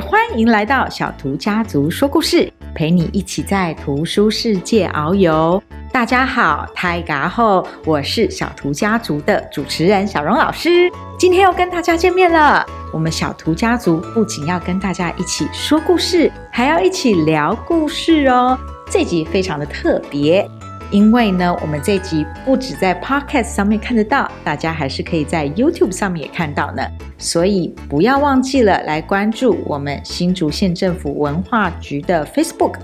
歡迎來到小圖家族說故事，陪你一起在圖書世界遨遊。大家好，太嘎後，我是小圖家族的主持人曉蓉老師，今天又跟大家見面了。我們小圖家族不僅要跟大家一起說故事，還要一起聊故事哦。這集非常的特別。因為呢，我們這集不止在 Podcast 上面看得到，大家還是可以在 YouTube 上面也看到呢。所以不要忘記了，來關注我們新竹縣政府文化局的 Facebook。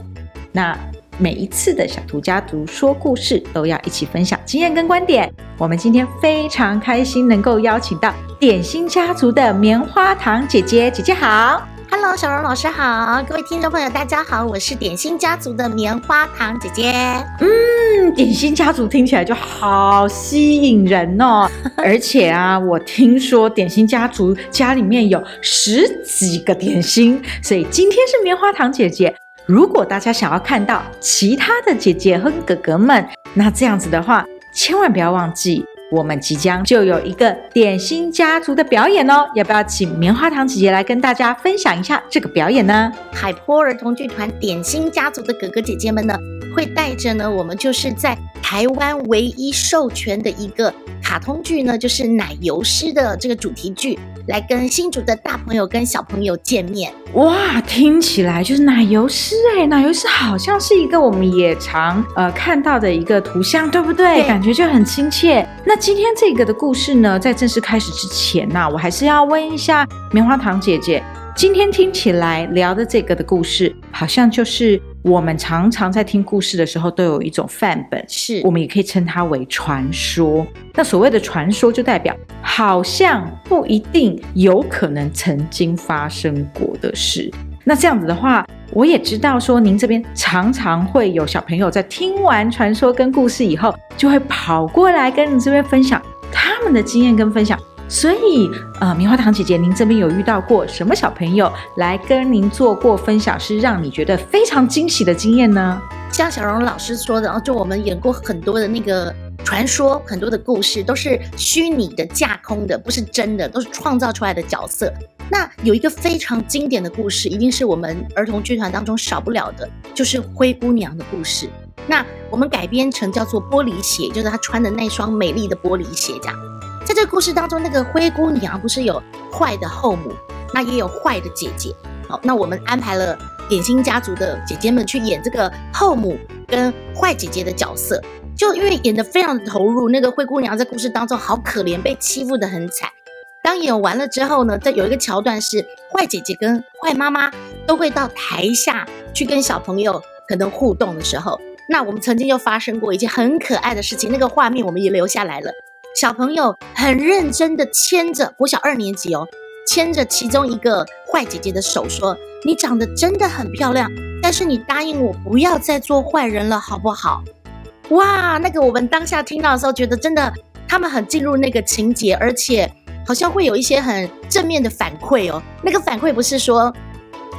那每一次的小圖家族說故事都要一起分享經驗跟觀點。我們今天非常開心能夠邀請到點心家族的棉花糖姐姐，姐姐好。Hello，小蓉老師好，各位聽眾朋友，大家好，我是點心家族的棉花糖姐姐。嗯，點心家族聽起來就好吸引人哦。 而且啊，我聽說點心家族家裡面有十幾個點心，所以今天是棉花糖姐姐。如果大家想要看到其他的姐姐和哥哥們，那這樣子的話，千萬不要忘記。我們即將就有一個點心家族的表演哦，要不要請棉花糖姐姐來跟大家分享一下這個表演呢？海波兒童劇團點心家族的哥哥姐姐們呢，會帶着呢我們就是在台灣唯一授權的一個卡通劇呢，就是《奶油獅》的這個主題劇。來跟新竹的大朋友跟小朋友見面哇！聽起來就是奶油獅哎、欸，奶油獅好像是一個我們也常呃看到的一個圖像，對不對？對，感覺就很親切。那今天這個的故事呢，在正式開始之前呢、啊，我還是要問一下棉花糖姐姐。今天聽起來聊的這個的故事，好像就是我們常常在聽故事的時候都有一種範本，是我們也可以稱它為傳說。那所謂的傳說，就代表好像不一定有可能曾經發生過的事。那這樣子的話，我也知道說您這邊常常會有小朋友在聽完傳說跟故事以後，就會跑過來跟你這邊分享他們的經驗跟分享。所以，呃，棉花糖姊姊，您這邊有遇到過什麼小朋友來跟您做過分享，是讓你覺得非常驚喜的經驗呢？像曉蓉老師說的，就我們演過很多的那個傳說，很多的故事都是虛擬的、架空的，不是真的，都是創造出來的角色。那有一個非常經典的故事，一定是我們兒童劇團當中少不了的，就是灰姑娘的故事。那我們改編成叫做《玻璃鞋》，就是她穿的那雙美麗的玻璃鞋，這樣。在這個故事當中，那個灰姑娘不是有壞的後母，那也有壞的姐姐。好，那我們安排了點心家族的姐姐們去演這個後母跟壞姐姐的角色，就因為演得非常的投入。那個灰姑娘在故事當中好可憐，被欺負的很慘。當演完了之後呢，在有一個橋段是壞姐姐跟壞媽媽都會到台下去跟小朋友可能互動的時候，那我們曾經就發生過一件很可愛的事情，那個畫面我們也留下來了。小朋友很認真地牽着國小二年級哦，牽着其中一個壞姐姐的手，說：“你長得真的很漂亮，但是你答應我不要再做壞人了，好不好？”哇，那個我們當下聽到的時候，覺得真的他們很進入那個情節，而且好像會有一些很正面的反饋哦。那個反饋不是說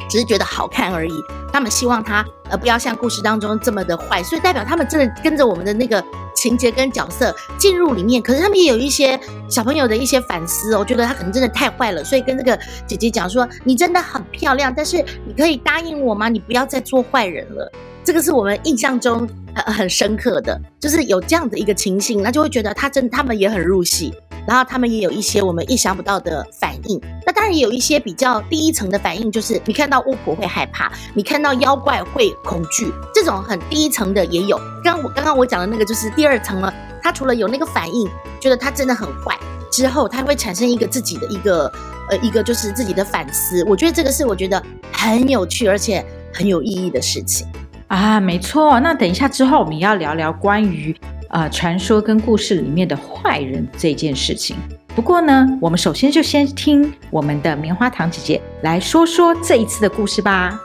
只是覺得好看而已，他們希望他呃不要像故事當中這麼的壞，所以代表他們真的跟着我們的那個。情節跟角色進入裡面，可是他們也有一些小朋友的一些反思。我覺得他可能真的太壞了，所以跟這個姐姐講說：“你真的很漂亮，但是你可以答應我嗎？你不要再做壞人了。”這個是我們印象中很很深刻的，就是有這樣的一個情形，那就會覺得他真的，他們也很入戲。然後他們也有一些我們意想不到的反應。那當然也有一些比較第一層的反應，就是你看到巫婆會害怕，你看到妖怪會恐懼，這種很第一層的也有。剛我剛剛我講的那個就是第二層了。他除了有那個反應，覺得他真的很壞之後，他會產生一個自己的一個呃一個就是自己的反思。我覺得這個是我覺得很有趣而且很有意義的事情啊，沒錯。那等一下之後我們要聊聊關於。呃，傳說跟故事裡面的壞人這件事情。不過呢，我們首先就先聽我們的棉花糖姐姐來說說這一次的故事吧。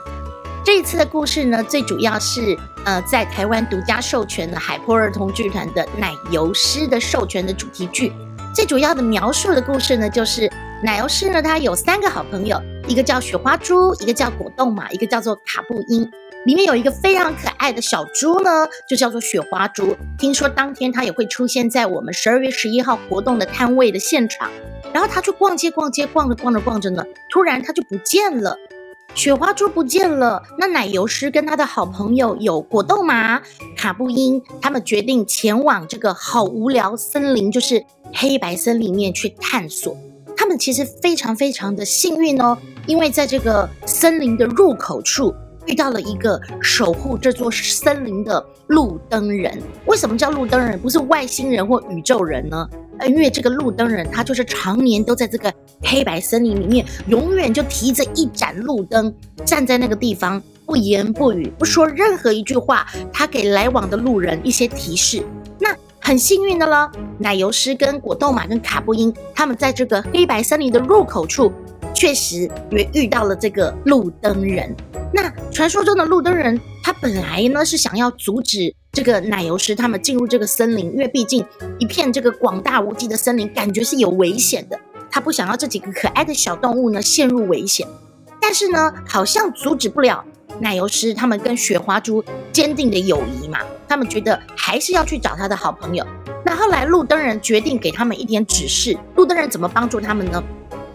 這一次的故事呢，最主要是呃，在台灣獨家授權的海波兒童劇團的奶油獅的授權的主題劇。最主要的描述的故事呢，就是奶油獅呢，它有三個好朋友，一個叫雪花豬，一個叫果凍馬，一個叫做卡布因。裡面有一個非常可愛的小豬呢，就叫做雪花豬。聽說當天它也會出現在我們十二月十一號活動的攤位的現場。然後它去逛街逛街，逛着逛着逛着呢，突然它就不見了。雪花豬不見了，那奶油獅跟他的好朋友有果凍馬、卡布因，他們決定前往這個好無聊森林，就是黑白森林裡面去探索。他們其實非常非常的幸運哦，因為在這個森林的入口處遇到了一個守護這座森林的路燈人。為什麼叫路燈人？不是外星人或宇宙人呢？因為這個路燈人，他就是常年都在這個黑白森林裡面，永遠就提着一盞路燈，站在那個地方，不言不語，不說任何一句話，他給來往的路人一些提示。那很幸運的了，奶油獅跟果凍馬跟卡布因，他們在這個黑白森林的入口處。確實，也遇到了這個路燈人。那傳說中的路燈人，他本來呢是想要阻止這個奶油獅他們進入這個森林，因為畢竟一片這個廣大無際的森林，感覺是有危險的。他不想要這幾個可愛的小動物呢陷入危險。但是呢，好像阻止不了奶油獅他們跟雪花豬堅定的友誼嘛。他們覺得還是要去找他的好朋友。那後來路燈人決定給他們一點指示。路燈人怎麼幫助他們呢？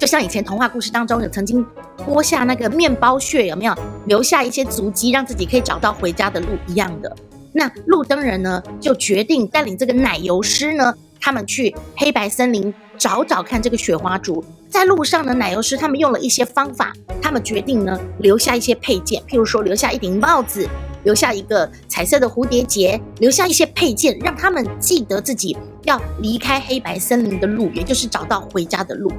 就像以前童話故事當中有曾經播下那個麵包屑，有沒有留下一些足跡，讓自己可以找到回家的路一樣的。那路燈人呢，就決定帶領這個奶油獅呢，他們去黑白森林找找看這個雪花竹。在路上呢，奶油獅他們用了一些方法，他們決定呢留下一些配件，譬如說留下一頂帽子，留下一個彩色的蝴蝶結，留下一些配件，讓他們記得自己要離開黑白森林的路，也就是找到回家的路。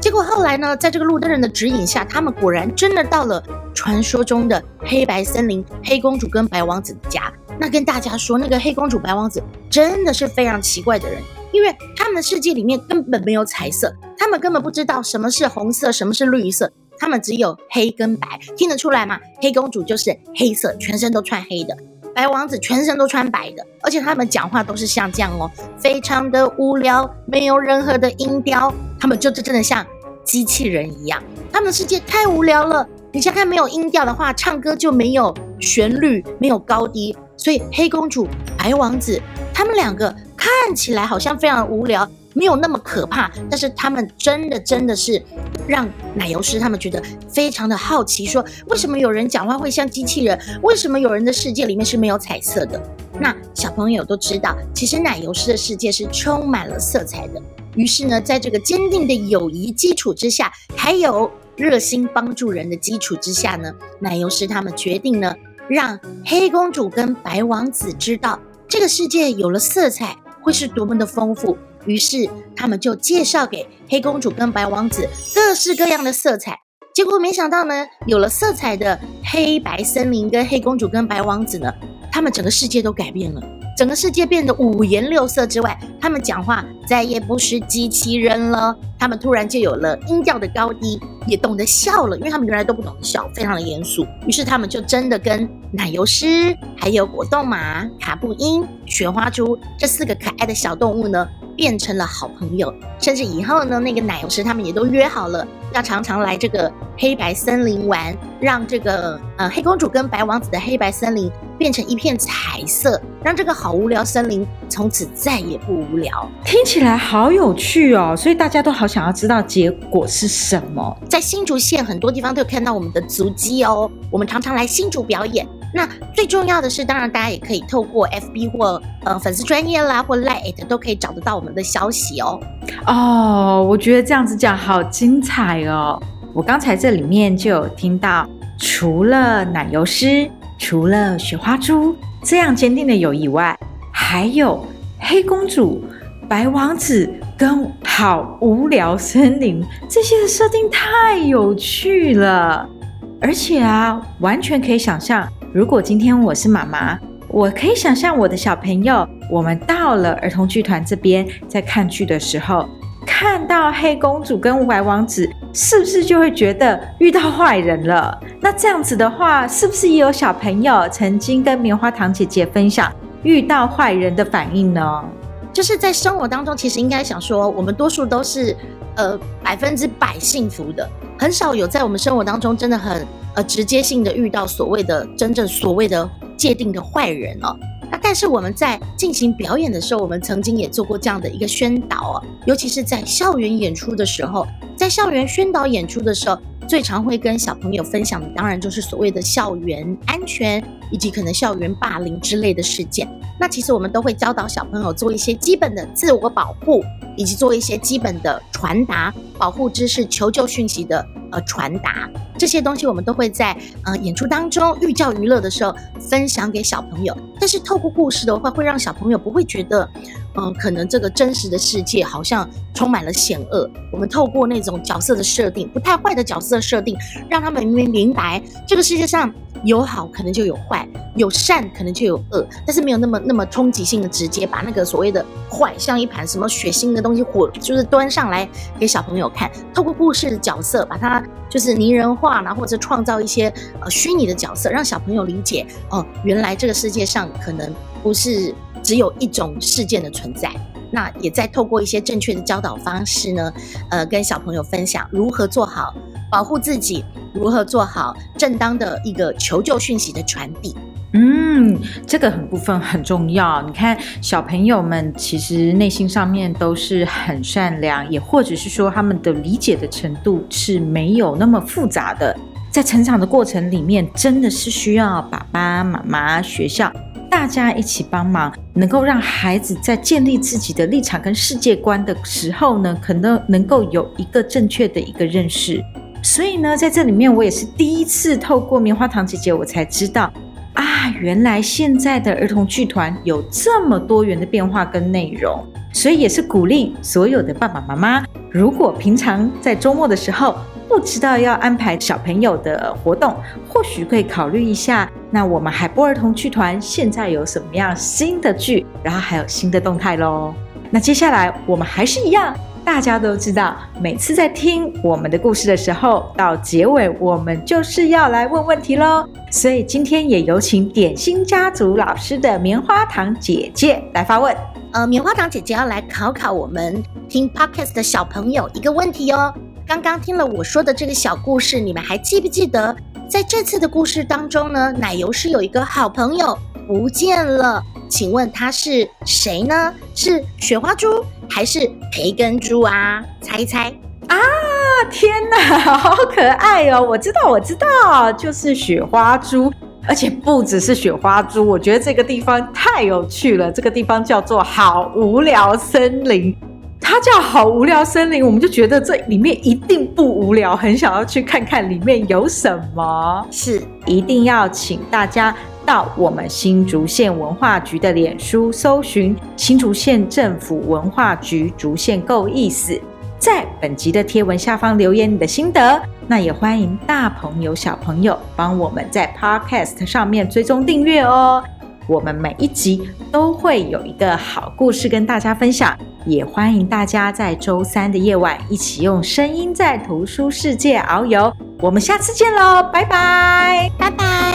結果後來呢，在這個路燈人的指引下，他們果然真的到了傳說中的黑白森林。黑公主跟白王子的家。那跟大家說，那個黑公主、白王子真的是非常奇怪的人，因為他們的世界裡面根本沒有彩色，他們根本不知道什麼是紅色，什麼是綠色，他們只有黑跟白。聽得出來嗎？黑公主就是黑色，全身都穿黑的；白王子全身都穿白的。而且他們講話都是像這樣哦，非常的無聊，沒有任何的音調。他們就真真的像機器人一樣，他們的世界太無聊了。你想想看，沒有音調的話，唱歌就沒有旋律，沒有高低。所以黑公主、白王子，他們兩個看起來好像非常無聊，沒有那麼可怕。但是他們真的真的是讓奶油獅他們覺得非常的好奇，說為什麼有人講話會像機器人？為什麼有人的世界裡面是沒有彩色的？那小朋友都知道，其實奶油獅的世界是充滿了色彩的。於是呢，在這個堅定的友誼基礎之下，還有熱心幫助人的基礎之下呢，奶油獅他們決定呢，讓黑公主跟白王子知道，這個世界有了色彩會是多麼的豐富。於是他們就介紹給黑公主跟白王子各式各樣的色彩。結果沒想到呢，有了色彩的黑白森林跟黑公主跟白王子呢，他們整個世界都改變了。整個世界變得五顏六色之外，他們講話再也不是機器人了。他們突然就有了音調的高低，也懂得笑了，因為他們原來都不懂得笑，非常的嚴肅。於是他們就真的跟奶油獅、還有果凍馬、卡布音、雪花豬這四個可愛的小動物呢。變成了好朋友，甚至以後呢，那個奶油獅他們也都約好了，要常常來這個黑白森林玩，讓這個呃黑公主跟白王子的黑白森林變成一片彩色，讓這個好無聊森林從此再也不無聊。聽起來好有趣哦，所以大家都好想要知道結果是什麼。在新竹縣很多地方都有看到我們的足跡哦，我們常常來新竹表演。那最重要的是，當然大家也可以透過 F B 或呃、粉絲專頁啦，或 Let It 都可以找得到我們的消息哦。哦，oh, 我覺得這樣子講好精彩哦！我剛才這裡面就有聽到，除了奶油獅、除了雪花豬這樣堅定的友誼以外，還有黑公主、白王子跟好無聊森林這些的設定太有趣了，而且啊，完全可以想象。如果今天我是媽媽，我可以想象我的小朋友，我們到了兒童劇團這邊，在看劇的時候，看到黑公主跟白王子，是不是就會覺得遇到壞人了？那這樣子的話，是不是也有小朋友曾經跟棉花糖姐姐分享遇到壞人的反應呢？就是在生活當中，其實應該想說，我們多數都是，呃，百分之百幸福的，很少有在我們生活當中真的很呃直接性的遇到所謂的真正所謂的界定的壞人哦，那但是我們在進行表演的時候，我們曾經也做過這樣的一個宣導啊，尤其是在校園演出的時候，在校園宣導演出的時候。最常會跟小朋友分享的，當然就是所謂的校園安全，以及可能校園霸凌之類的事件。那其實我們都會教導小朋友做一些基本的自我保護。以及做一些基本的傳達、保護知識、求救訊息的呃傳達，這些東西我們都會在呃演出當中寓教於樂的時候分享給小朋友。但是透過故事的話，會讓小朋友不會覺得，嗯、呃，可能這個真實的世界好像充滿了險惡。我們透過那種角色的設定，不太壞的角色設定，讓他們明明明白這個世界上。有好可能就有壞，有善可能就有惡，但是沒有那麼那麼衝擊性的直接把那個所謂的壞，像一盤什麼血腥的東西火，就是端上來給小朋友看。透過故事的角色，把它就是擬人化，然後或者創造一些呃虛擬的角色，讓小朋友理解哦、呃，原來這個世界上可能不是只有一種事件的存在。那也在透過一些正確的教導方式呢，呃，跟小朋友分享如何做好保護自己。如何做好正當的一個求救訊息的傳遞？嗯，這個很部分很重要。你看，小朋友們其實內心上面都是很善良，也或者是說他們的理解的程度是沒有那麼複雜的。在成長的過程裡面，真的是需要爸爸媽媽、學校大家一起幫忙，能夠讓孩子在建立自己的立場跟世界觀的時候呢，可能能夠有一個正確的一個認識。所以呢，在這裡面我也是第一次透過棉花糖姐姐，我才知道啊，原來現在的兒童劇團有這麼多元的變化跟內容。所以也是鼓勵所有的爸爸媽媽，如果平常在周末的時候不知道要安排小朋友的活動，或許可以考慮一下，那我們海波兒童劇團現在有什麼樣新的劇，然後還有新的動態嘍。那接下來我們還是一樣。大家都知道，每次在聽我們的故事的時候，到結尾我們就是要來問問題嘍。所以今天也有請點心家族老師的棉花糖姐姐來發問。呃，棉花糖姐姐要來考考我們聽 podcast 的小朋友一個問題哦。剛剛聽了我說的這個小故事，你們還記不記得？在這次的故事當中呢，奶油獅有一個好朋友不見了，請問他是誰呢？是雪花豬。還是培根豬啊？猜一猜啊！天哪，好可愛哦！我知道，我知道，就是雪花豬。而且不只是雪花豬，我覺得這個地方太有趣了。這個地方叫做好無聊森林，它叫好無聊森林，我們就覺得這裡面一定不無聊，很想要去看看裡面有什麼。是，一定要請大家到我們新竹縣文化局的臉書搜尋“新竹縣政府文化局竹縣夠意思”，在本集的貼文下方留言你的心得。那也歡迎大朋友小朋友幫我們在 Podcast 上面追蹤訂閱哦。我們每一集都會有一個好故事跟大家分享，也歡迎大家在周三的夜晚一起用聲音在圖書世界遨遊。我們下次見嘍，拜拜，拜拜。